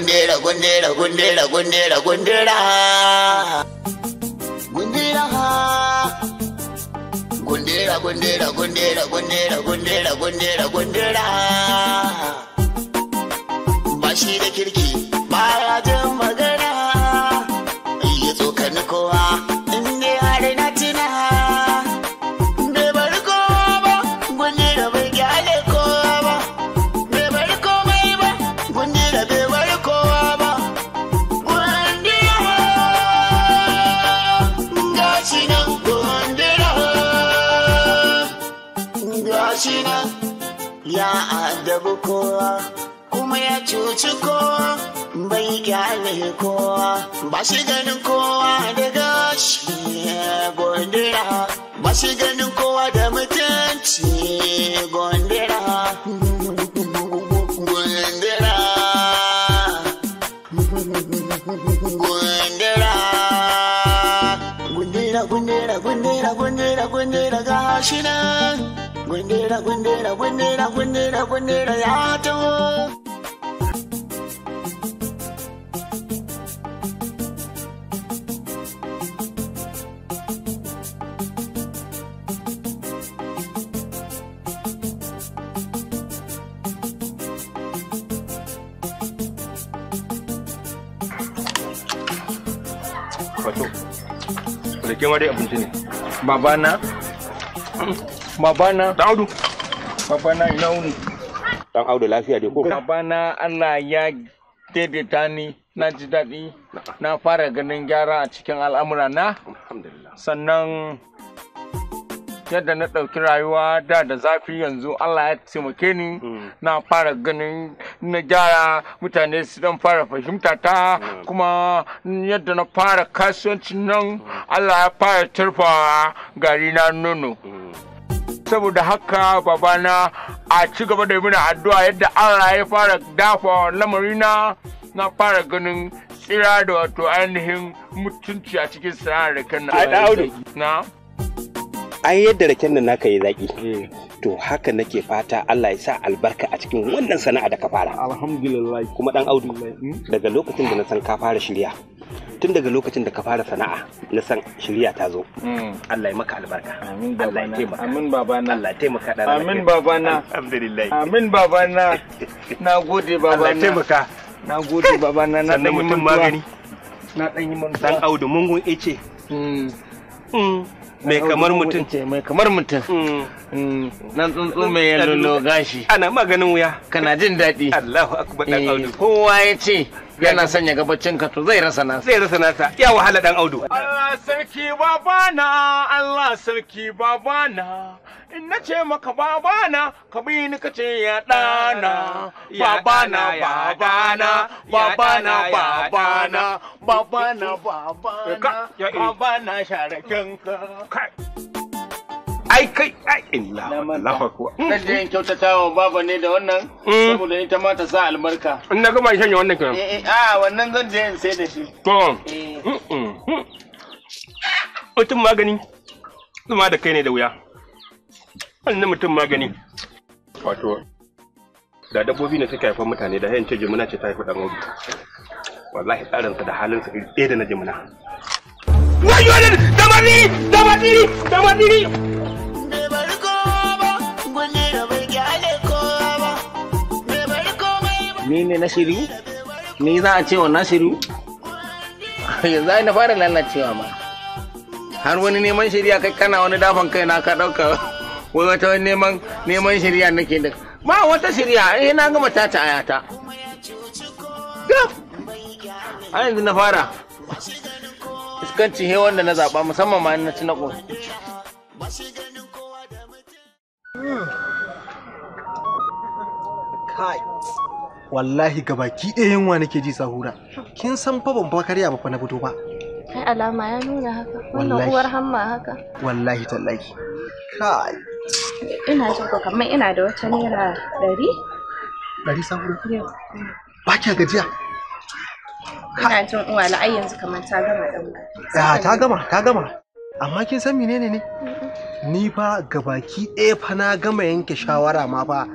gundera gundera gundera gundera gundera gundera gundera gundera gundera gundera gundera gundera gundera ha. da kirki kowa kuma ya cuci kowa bai kyale kowa ba shi ganin kowa da gashi gondira ba shi ganin kowa da mutunci gondira gondira Gundera, Gundera, Gundera, Gundera, Gundera, gundira gashi nan Gundira, gundira, gundira, gundira, gundira ya taho. ke Babana, babana dan audu ina wuni dan audu lafiya dai ko babana Allah ya daidaita ni na ji daɗi na fara ganin gyara a cikin al'amura na sannan yadda na ɗauki rayuwa da da zafi yanzu Allah ya taimake ni hmm. na fara ganin na gyara mutane su dan fara fahimta ta hmm. kuma yadda na fara kasuwanci nan hmm. Allah ya fara turfa gari na nono. saboda haka babana a ci gaba da mini addu'a yadda Allah ya fara dafa lamarina na fara ganin tsira da wato ainihin mutunci a cikin sana'ar raken kan Na? Ai yadda raken nan naka yi zaƙi. Eh. To haka nake fata Allah ya sa albarka a cikin wannan sana'a da ka fara. Alhamdulillah. Kuma dan Audu hmm? daga lokacin da na san ka fara shirya. tun daga lokacin da ka fara sana'a na san shirya ta zo hmm. Allah ya maka albarka Allah ya taimaka amin babana Allah ya taimaka da amin babana alhamdulillah amin babana na gode babana Allah ya taimaka na gode babana na dan mutum magani na dan yi mantuwa dan audu mungun ice hmm. Hmm. mai kamar mutum mai kamar mutum nan tsuntsu mai yalolo gashi ana maganin wuya kana jin daɗi Allahu akbar dan eh, audu kowa ya ce yana sanya gabacin ka to zai rasa nasa zai rasa nasa ya wahala dan audu Allah sarki babana Allah sarki babana in nace ce maka babana ka bi ni kace ya dana babana babana babana babana babana babana babana sharakin ka ai kai ai illa Allahu akbar kan je in kyautatawa baba ne da wannan mm. saboda ita ma ta sa albarka in na gama shanye wannan kan eh, eh a ah, wannan zan je in sai da shi to eh. mutum mm, mm, magani kuma da kai ne da wuya wannan mutum magani wato da dabbobi ne suka haifa mutane da hayan ce jimina ce ta haifa dan obi wallahi tsarin sa da halin sa irin da na jimina wayo da madiri da madiri da madiri ni ne na shiru ni za a cewa na shiru yanzu ai na fara lalacewa ma har wani neman shirya kai kana wani dafan kai na ka dauka wata neman neman shirya nake da ma wata shirya eh na gama ta ta ayata a yanzu na fara fuskanci he wanda na zaba musamman ma na ci na ƙoshi wallahi ga baki ɗaya yunwa nake ji sahura kin san fa ban fa karya ba fa na fito ba kai alama ya nuna haka wannan uwar hamma haka wallahi tallahi kai ina jin ko kamar ina da wata naira ɗari ɗari sahura ba kya gajiya ina jin uwa la'ai yanzu kamar ta gama ɗan ah, ta gama ta gama amma kin san menene ne ni fa gabaki ɗaya fa na gama yanke shawara ma fa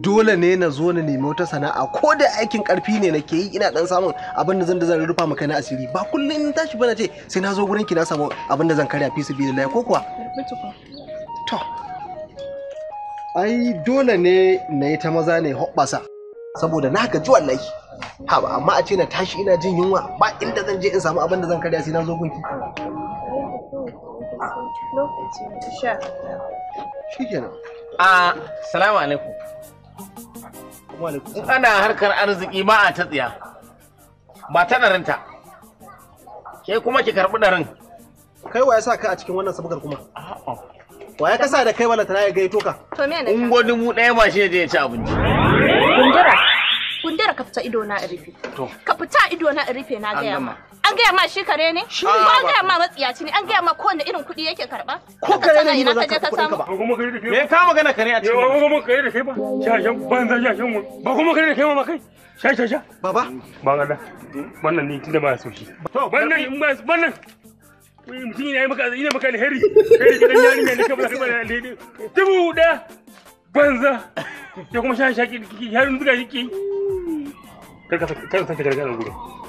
dole ne na zo na nemi wata sana'a ko da aikin karfi ne na ke yi ina dan samun abin da zan da zan rufa maka na asiri ba kullum in tashi bana ce sai na zo gurin ki na samu abin da zan karya fi su biyu ko kuwa to ai dole ne na yi ta maza ne hoɓɓasa saboda na ji wallahi ha amma a ce na tashi ina jin yunwa ba inda zan je in samu abin da zan karya sai na zo ki lokaci insha shikenan a salamu alaikum in ana harkar arziki ba a ta tsiya ba ta ɗarinta ke kuma ki karɓi ɗarin kai wa ya sa ka a cikin wannan sabgar kuma wa ya kasa da kai wala tana ya gaito ka in gwani mu ɗaya ba shi ne ya ci abinci kundura kundura ka fita ido na rufe ka fita ido na rufe na gaya ma An gaya ma shi kare ne? Ko an gaya ma matsiyaci ne? An gaya ma kowane irin kuɗi yake karɓa? Ko kare ne ina za ka kuɗi ka ba? Me ka magana kare a cikin? Ba kuma kare da kai ba. Shashen banza shashen mu. Ba kuma kare da kai ma kai. Sha sha sha. Baba. ba Allah. Wannan ni tunda ba so shi. To wannan in ba wannan mutum yana maka ina maka alheri. Kai gidan yari ne ka ba ka ba alheri. Dubu da banza. Ya kuma sha shaki yarin zuga yake. kar ka sake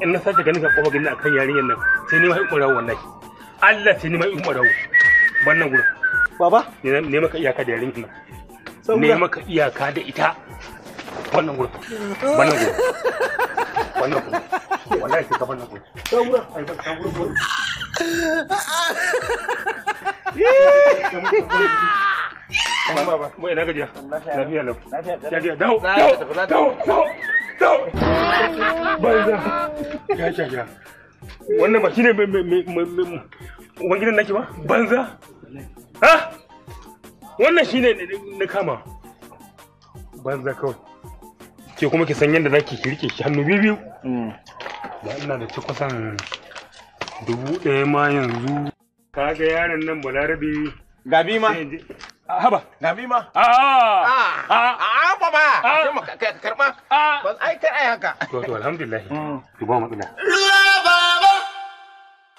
in na sake ganin ka kofa gina akan yarinyar nan sai ni ma Allah sai ni ma wannan baba ne maka iyaka da ne maka iyaka da ita wannan wannan wannan wallahi sai ka wannan saura ai ba saura banza ya sha banza na kama banza kuma ki san yadda zaki ki rike shi hannu biyu biyu mm. ina da dubu ɗaya yanzu kaga yaron nan balarabe gabi ma haba ma. Ah. Ah. Ah, a a ba ba karma ba ai kar ai haka to to alhamdulillah to mm. ba matsala ruwa baba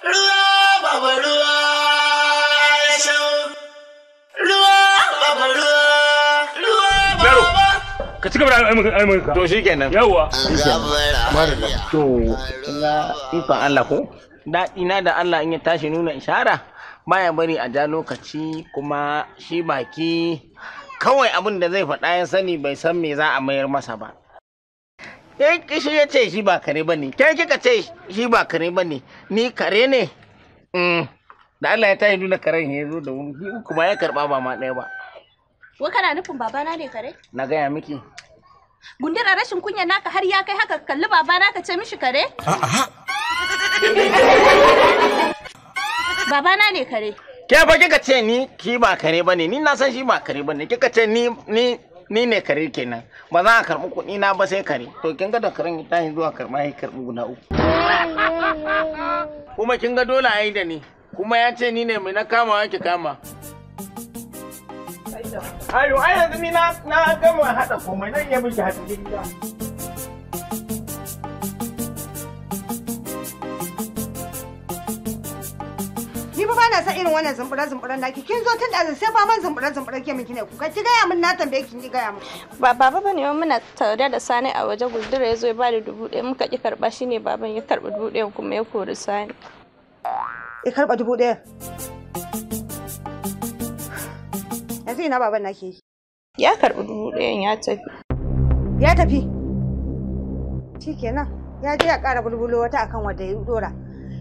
ruwa baba ruwa ya shau ruwa baba ruwa ruwa baba ka ci gaba da almanka to shikenan yawa to na ikon Allah ko daɗi na da Allah in ya tashi nuna ishara baya bari a ja lokaci kuma shi baki kawai abin da zai faɗa ya sani bai san me za a mayar masa ba yanki shi ya ce shi ba kare ba ne kyan kika ce shi ba kare ba ne ni kare ne mm. da Allah ya tayi nuna karen ya zo da wuri kuma ya karɓa ba ma ɗaya ba wa kana nufin babana ne kare na gaya miki gundura rashin kunya naka har ya kai haka kalli babana ka ce mishi kare a'a baba na ne kare ke fa kika ce ni ki ba kare bane ni na san shi ba kare bane kika ce ni ni ni ne kare kenan ba za a karbi kuɗi na ba sai kare to kin ga da karen ta yi zuwa karma ya karbi guda uku kuma kin ga dole a yi da ni kuma ya ce ni ne mai na kama ki kama ayo ai yanzu ni na gama haɗa komai nan ya miki hadin gida na san irin wannan zumbura zumburan naki kin zo tun da sai ba man zumbura zumbura ke miki ne ku ka ki gaya min na tambaye ki ki gaya min ba baba bane mun muna tare da sani a waje guldura yazo ya ba da dubu ɗaya muka ki karba shine baban ya karba dubu ɗaya kuma ya kori sani ya karba dubu ɗaya yanzu ina baban nake ya karbi dubu ɗayan ya tafi ya tafi shikenan ya je ya ƙara bulbulo wata akan wadda ya dora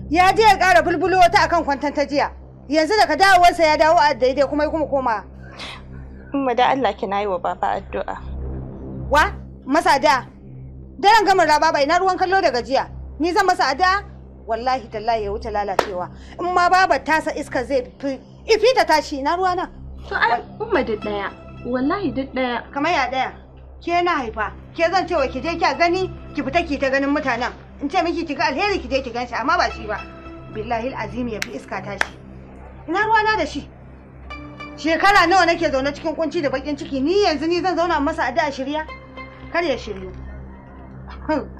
ya je ya ƙara bulbulo wata akan kwantan ta jiya yanzu daga dawowarsa ya dawo a daidai kuma ya kuma koma umma da Allah ki nayi wa baba addu'a wa masa da daren gamin raba bai na ruwan kallo daga jiya ni zan masa ada wallahi tallahi ya wuce lalacewa in ma baba tasa iska zai fi ta tashi na ruwa na to ai umma da daya wallahi duk daya kamar ya daya ke na haifa ke zan cewa ki je kya gani ki fita ki ta ganin mutanen in ce miki kiga alheri ki je ki ganshi amma ba shi ba billahi alazim ya fi iska tashi ina ruwana da shi shekara nawa nake zaune cikin kunci da bakin ciki ni yanzu ni zan zauna masa addu'a shirya kar ya shiryu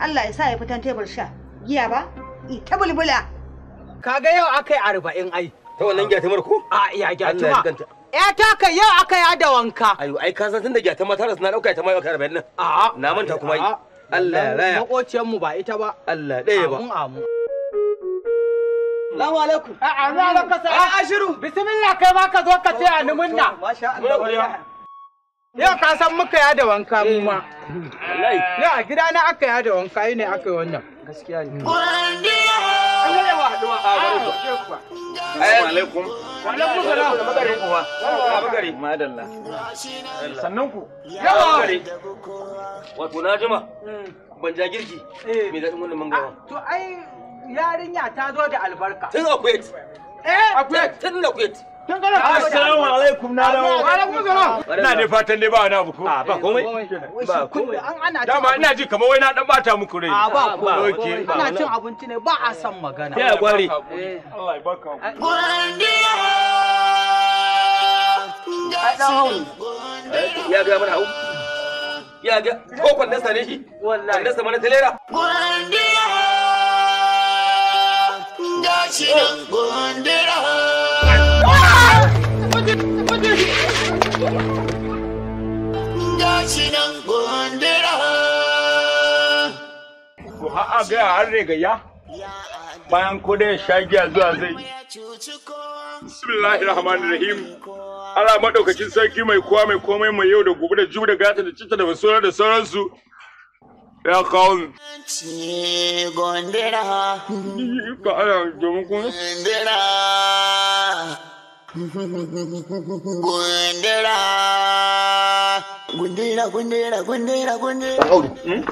Allah ya sa ya fitan tebur sha giya ba i ta bulbula kaga yau akai arba'in ai ta wannan ta marko. a iya gyatuma ya ta kai yau akai ada wanka ayo ai ka san tunda giya ta rasu na dauka ta mai 40 nan a na manta kuma yi Allah raya. Makociyar mu ba ita ba. Allah ɗaya ba. Amu amu. Salamu alaikum. A na da kasa. A shiru. Bismillah kai ma ka zo ka ce a numunna. Masha Allah. Yau ka san muka ya da wanka mu ma. Eh. Wallahi. Yau a gidana aka ya da wanka ne aka yi wannan. Gaskiya ne. sannan ku wato na jima ban ja girki me dadin wannan mangawa to ai yarinya ta zo da albarka tun akwai eh akwai tun akwai Assalamu alaikum na dawo. Wa alaikum salam. Ina ne fatan ne ba wani abu ko? Ba komai. Ba komai. Dama ina ji kamar wai na dan bata muku rai. A ba komai. Ina cin abinci ne ba a san magana. Ya gware. Allah ya baka. Gondiya. Ya ga mana hau. Ya ga ko kwandasa ne shi? Wallahi. Kwandasa mana Gashi nan Gashi nan gondira. To ha a gaya an regaya bayan ko da ya sha giya zuwa zai. Bismillahir Rahmanir Rahim. Allah madaukakin sarki mai kowa mai komai mai yau da gobe da jibi da gata da cita da basura da sauransu. Ya kawo Ni Ka ana domin kuma. Gundira, gundira, gundira, gundira, gundira. Dan Audu. Hmm? Hmm?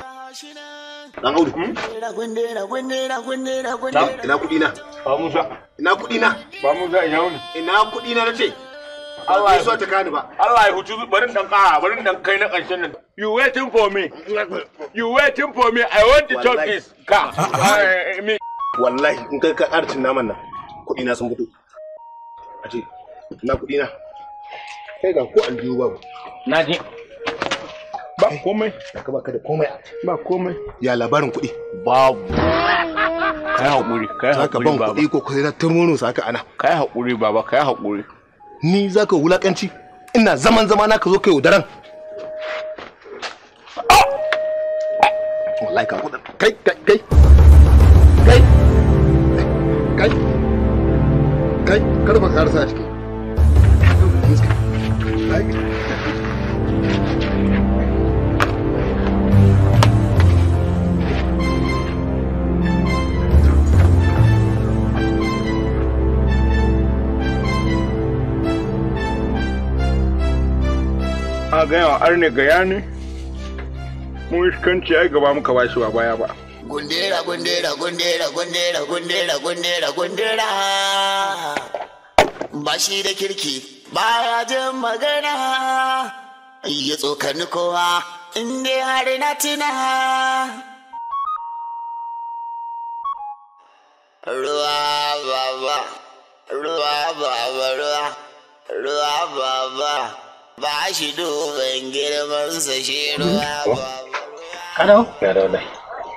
Gundira, gundira, gundira, gundira, gundira. Ina kuɗi na. Ba Musa. Ina kuɗi na. Ba Musa ina wuni. Ina kuɗi na ba. You waiting for me. You waiting for me. I want to talk this car. Eh, eh, Wallahi in kai ka arcin naman nan. Kuɗi na sun fito. aje na kuɗi na kai ga ko aljihu babu na ji ba komai ka baka da komai ba komai ya labarin kuɗi babu kai hakuri kai hakuri baba ban kuɗi ko kai na turmono saka ana kai hakuri baba kai hakuri ni zaka wulakanci ina zaman zama na ka zo kai udaran ah! ah! wallahi ka kai kai kai kai kar ba a a gaya arne gaya ne mun iskanci ai gaba muka bashi wa baya ba Gundera, gundera, gundera, gundera, gundera, gundera, gundera. bashi da kirki, baya jin magana, ya tsokani kowa, inda har na tina. Ruwa baba, ruwa baba, ruwa, ruwa baba, ba shi duban girmansa shi ruwa baba. Hello? dai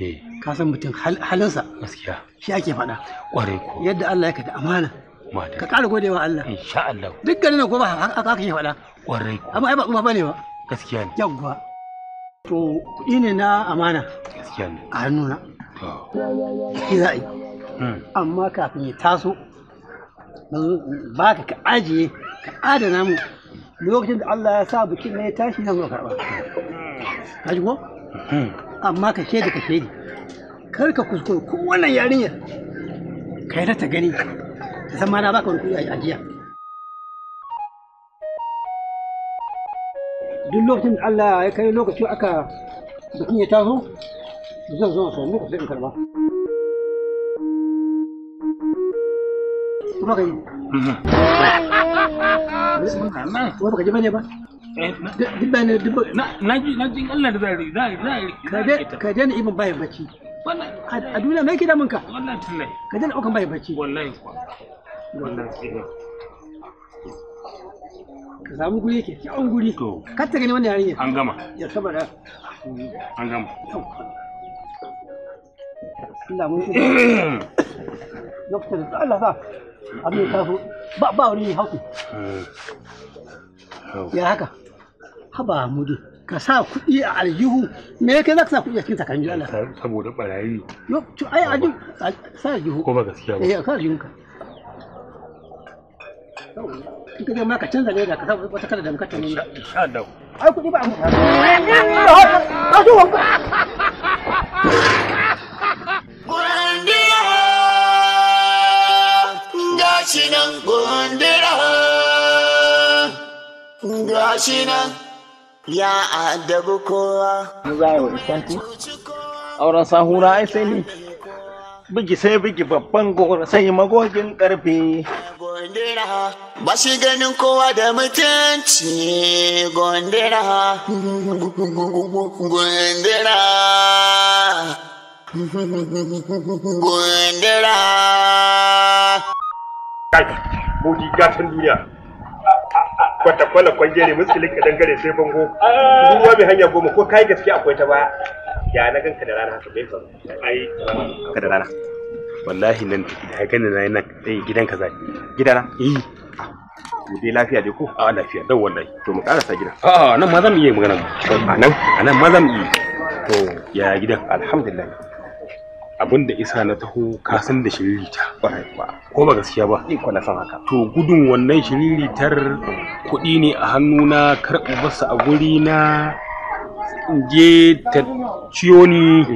Eh. ka san mutum halinsa gaskiya shi ake faɗa ƙwarai ko yadda Allah ya kada amana ka ƙara gode wa Allah insha Allah duk garin ko ba haka kake faɗa ƙwarai ko amma ai ba kuma bane ba gaskiya ne yawwa to kuɗi ne na amana gaskiya ne a hannuna shi za a yi hmm. amma kafin ya taso ba ka ka ajiye ka adana mu lokacin da Allah ya sa bikin ne ya tashi zan zo karɓa hmm. ka ji ko hmm. amma ka shaidi ka shaidi kar ka kuskure ko wannan yarinyar kai na ta gani ta san baka wani kuɗi a jiya duk lokacin da Allah ya kai lokaci aka bikin ya taso zan zo sai muku sai in karba kuma kai mhm. ba ji bane ba? Eh, duk da ne duk na na ka bacci a duniya ka bacci eh. ka samu guri yake kyawun guri ka ta gani wannan yarinya an gama ya saboda an gama Allah mun Allah sa abin ba ba wani hauki eh. ya haka haba mudu ka sa kuɗi a aljihu me yake za ka sa kuɗi a cikin takan jira saboda barayi no to ai aljihu sa aljihu ko ba gaskiya ba eh ka aljihu ka in ka ka canza ka sa wata kala da mukatta ne kuɗi ba ya adabu kowa mu za wa ishanti auren sahura ai sai ni bugi sai bugi babban gora sai magogin karfe gondira ba ganin kowa da mutunci Gondera. Gondera. Gondera. Kai, modi gatan duniya. kwatakwala ne, muskilin ka dangare sai bango ruwa ah. mai hanya goma ko kai gaske akwai ta baya ya na ganka da rana haka bai faru ai ka da rana wallahi nan da hakan na yana dai gidan ka zai gidana eh dai lafiya dai ko a lafiya dan wallahi to mu karasa gidan a nan ma zan yi magana mu a nan a nan ma zan yi to ya gidan alhamdulillah abin da isa na taho ka san da shiririta ko ba gaskiya ba iko na san haka to gudun wannan shiriritar kuɗi ne a hannu na karɓi basu a guri na je ta ciyo ni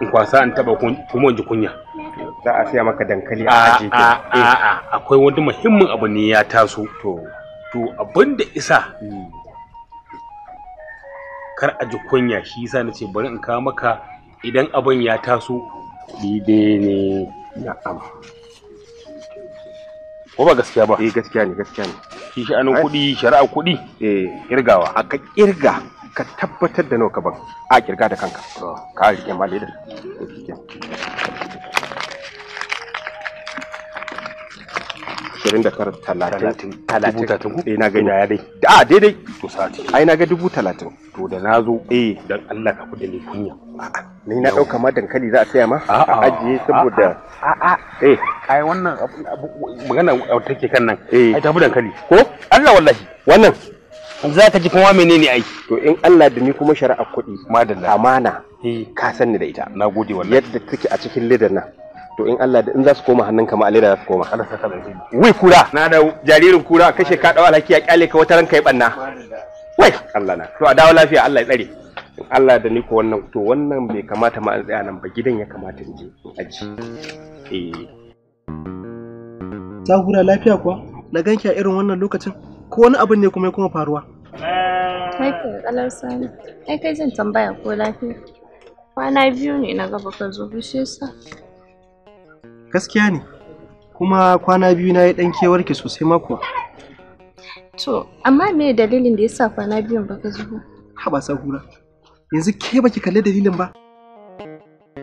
in kwasa in taɓa kuma ji kunya za a siya maka dankali a aji a eh. akwai wani muhimmin abu ne ya taso to to abin da isa hmm. kar a ji kunya shi yasa nace ce bari in kawo maka idan abin ya taso daidai ne na'am ko ba gaskiya ba eh gaskiya ne gaskiya ne shi sha'anin eh. kuɗi shari'a kuɗi eh kirgawa a ka kirga ka tabbatar da nawa ka ban a kirga da kanka oh. ka rike malidar da tara talatin dubu talatin eh ina gani ya dai a ah, daidai to sati ai na ga dubu talatin to da na zo eh dan Allah ka kudi ne kunya ni na dauka ma dankali za a saya ma a ajiye saboda a a eh ai wannan magana take kan nan eh. ai tafi dankali ko Allah wallahi wannan za ka ji kuma menene ai to in Allah da ni kuma shari'a kuɗi amana eh. ka san ni da ita nagode wallahi yadda take a cikin lidan nan to in Allah da in za su koma hannun kama alira za su koma wai kura na da jaririn kura kashe ka dawo alhaki ya kyale ka wata ranka ya banna wai Allah na to a dawo lafiya Allah ya tsare in Allah da ni ko wannan to wannan bai kamata ma an tsaya nan ba gidan ya kamata in je in aji eh sahura lafiya kuwa na ganki a irin wannan lokacin ko wani abin ne kuma ya kuma faruwa kai ka kalar sani ai kai zan tambaya ko lafiya kwana biyu ne na gaba ka zo bishe sa gaskiya ne kuma kwana biyu na yi kewar ke sosai mako to amma me dalilin da yasa kwana biyun baka zo ba sahura yanzu ke baki kalli dalilin ba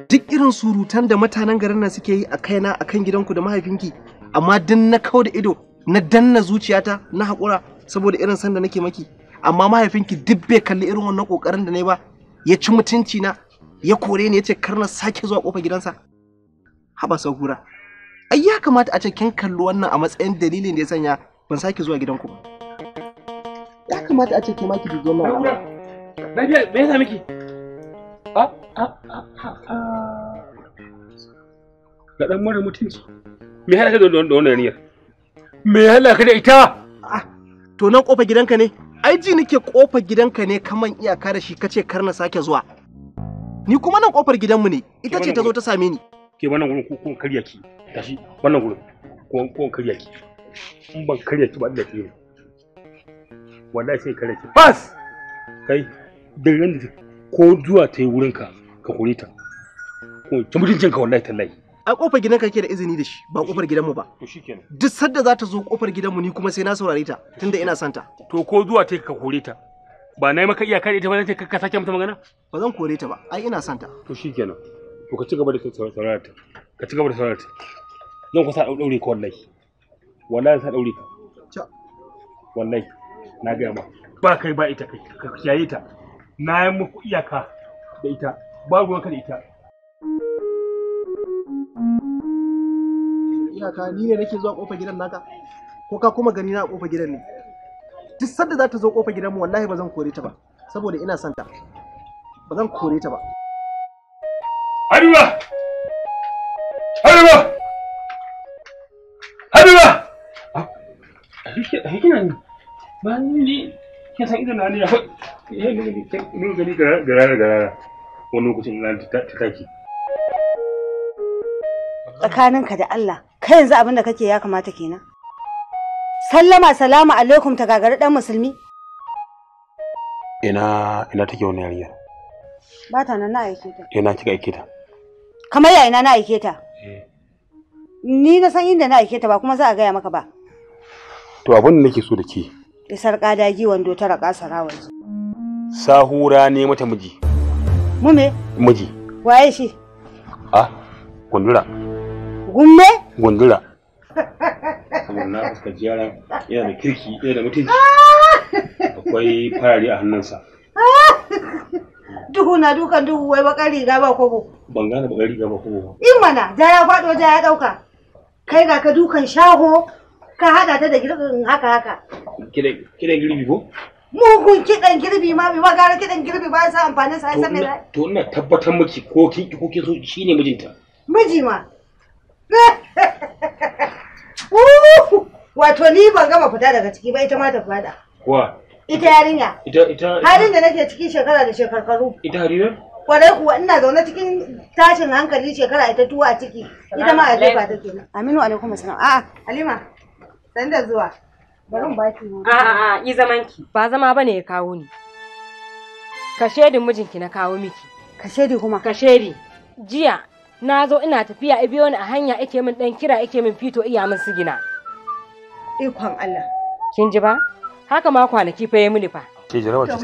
duk irin surutan da mutanen garin nan suke yi a kaina a kan gidanku da mahaifinki amma din na kau da ido na danna zuciyata na haƙura saboda irin sanda nake maki amma mahaifinki duk bai kalli irin wannan ƙoƙarin da na ba ya ci mutunci na ya kore ni ya ce na sake zuwa ƙofar gidansa haba sahura ai ya kamata a ce kin kalli wannan a matsayin dalilin da ya sanya ban sake zuwa gidanku ba ya kamata a ce ke maki bibiyan nan amma me yasa miki ah, ah, ah, ga dan mara mutunci me halaka da wannan niyyar me halaka da ita ah, to nan kofa gidanka ne ai ji nake kofa gidanka ne kaman iyaka da shi kace kar na sake zuwa ni kuma nan kofar gidanmu ne ita ce ta zo ta same ni ke wannan wurin ko kun karya ki tashi wannan wurin ko kun karya ki in ban karya ki ba da ke wallahi sai karya ki bas kai duk ran ko zuwa ta wurin ka ka kore ta ko ki mutuncin ka wallahi tallahi a kofar gidan ka ke da izini da shi ba kofar gidan mu ba to shikenan duk sadda za ta zo kofar gidan mu ni kuma sai na saurare ta tunda ina santa to ko zuwa ta ka kore ta ba na yi maka iyaka da ita ba zan ka sake mata magana ba zan kore ta ba ai ina santa to shikenan to ka ci gaba da saurara ka ci gaba da saurara zan kusa daure ka wallahi wallahi sa daure ka wallahi na gaya ma ba kai ba ita ka kiyaye ta na yi muku iyaka da ita ba ka da ita iyaka ni ne nake zuwa kofar gidan naka ko ka kuma gani na kofar gidan ne duk sanda za ta zo kofar gidan mu wallahi ba zan kore ta ba saboda ina son ta ba zan kore ta ba Habiba! Habiba! Habiba! Hikina ne, ba ni ke san ido na ne ya faɗi, ya gani garara garara wani lokacin na ta taki. Tsakaninka da Allah, kai yanzu abin da kake ya kamata kenan. Sallama salamu alaikum ta gagari ɗan musulmi. Ina ina take wani yarinyar? Ba ta nan na aike ta. Ina kika aike ta? kamar ya ina na aike ta eh. ni na san inda na aike ta ba kuma za a gaya maka ba to abin da nake so da ke isar kadagi wando ta raka sarawar sahura ne mata miji mu ne. miji waye shi ah gundura gumme gundura na fuska jiyara yana da kirki yana da mutunci akwai farare a hannunsa duhu na dukan duhu wai bakar riga ba kobo ban gane bakar riga ba kobo in mana ja ya fado ja ya dauka. kai ga ka dukan shaho ka hada ta da girbin haka haka kiɗan girbi ko mugun kiɗan girbi ma bai magana kiɗan girbi ba sa amfanin sa sai mai to ina tabbatar miki ko kin ki ko kin so shine mijinta miji ma wato ni ban gama fita daga ciki ba ita ma ta fada kuwa ita yarinya halin da nake cikin shekara da shekarkaru ita harira kwarai kuwa ina zaune cikin tashin hankali shekara ita tuwa a ciki ita ma a jefa take aminu alaikum assalam a'a halima san da zuwa bari mu baki a a'a yi zaman ki ba zama bane ya kawo ni ka din mijinki na kawo miki ka shedi kuma ka shedi jiya na zo ina tafiya a biyo ni a hanya ake min dan kira ake min fito iya min sigina ikon Allah kin ji ba haka ma kwanaki fa ya mini fa Ki jaraba ce ta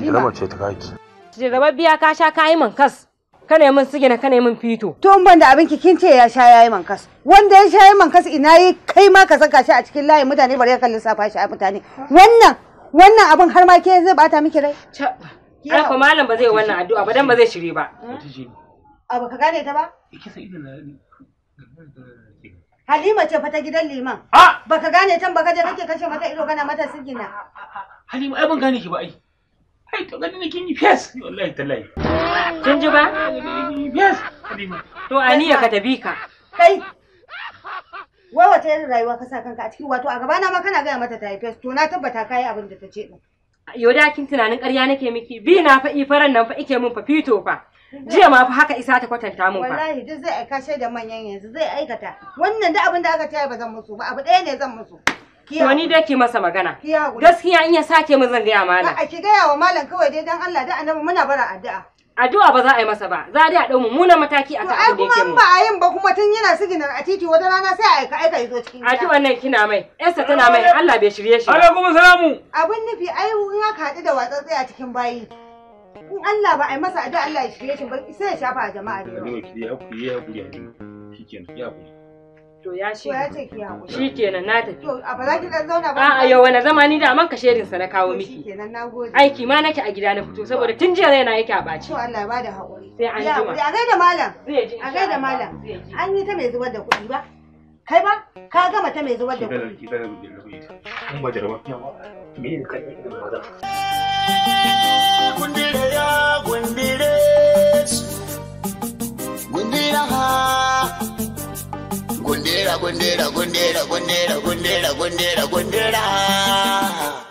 ce jaraba ce ta kaki biya ka sha yi man kas kana min sigina kana min fito to ban da abin ki kince ya sha yayi man kas wanda ya sha yayi man kas ina yi kai ma ka saka shi a cikin layin mutane bari ka lissafa shi a mutane wannan wannan abin har ma ke zai bata miki rai ai ko malam ba zai wannan addu'a ba dan ba zai shiri ba abu ka gane ta ba eh, ki sai idan Halima ce fa ta gidan liman. A baka gane can baka je kake kashe mata ido kana mata sigina. Halima ai ban gane ki ba ai. Ai to gani ne kin yi fes wallahi tallahi. Kin ji ba? Yes Halima. To aniya ka tabi ka. Kai Wai wata irin rayuwa ka sa kanka a cikin wato a gaba na ma kana gaya mata ta yi fes to na tabbata ka yi abin da ta ce din. Yau da kin tunanin ƙarya nake miki bi na fa'i faran nan fa ike mun fa fito fa. jiya ma fa haka isa ta kwatanta mun fa wallahi duk zai aika shi da manyan yanzu zai aikata wannan duk abin da aka tayar ba zan musu ba abu ɗaya ne zan musu to ni dai ke masa magana gaskiya in ya sake mun zan gaya malam a ki gaya wa malam kawai dai dan Allah da annabi muna bara addu'a addu'a ba za a yi masa ba za a dai a mu mummunan mataki a kan abin da yake mu ba a yin ba kuma tun yana siginar a titi wata rana sai a aika aika yazo cikin gida addu'a nan kina mai yarsa tana mai Allah bai shirye shi alaikum salamu abin nufi ai in aka haɗu da watsa tsaya cikin bayi in Allah ba a yi masa addu'a Allah ya shirye shi ba sai ya shafa a jama'a da yawa ki ya ku ya ku ya shikenan ya ku to ya ce ya ce ki hakuri shikenan na tafi to a ba za ki dan zauna ba a'a yau wani zamani da aman kashe shedin sa na kawo miki shikenan nagode aiki ma nake a gida na fito saboda tun jiya raina yake a baci to Allah ya bada hakuri sai an jima a da malam a malam an yi ta mai zubar da kuɗi ba kai ba ka gama ta mai zubar da kuɗi Gondera, gondera, gondera, gondera, gondera, gondera, gondera.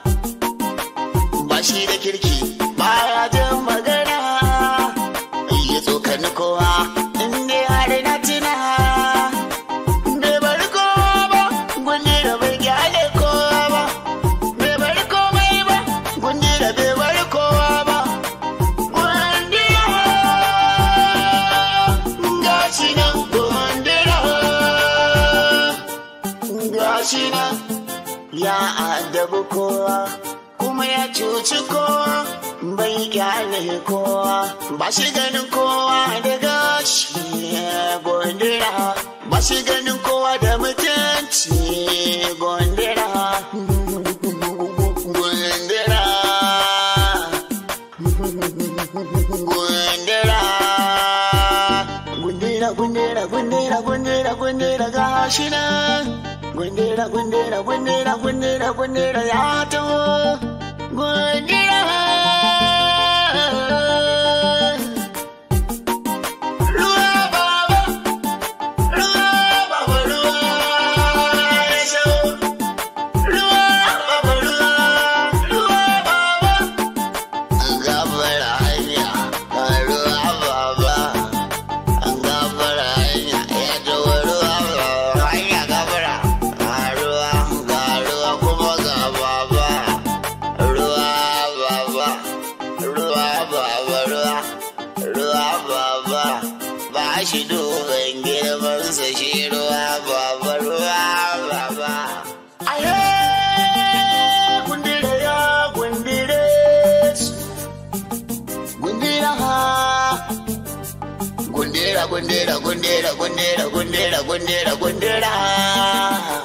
Bashi ganin kowa da gashi gondira, bashi ganin kowa da mutunci gondira. Gondira, gondira. Gundira, gundira, gundira, gundira, gundira gashi na Gundira, gundira, gundira, gundira, gundira ya taho. Gundira. gundera gundera gundera gundera gundera gundera gundera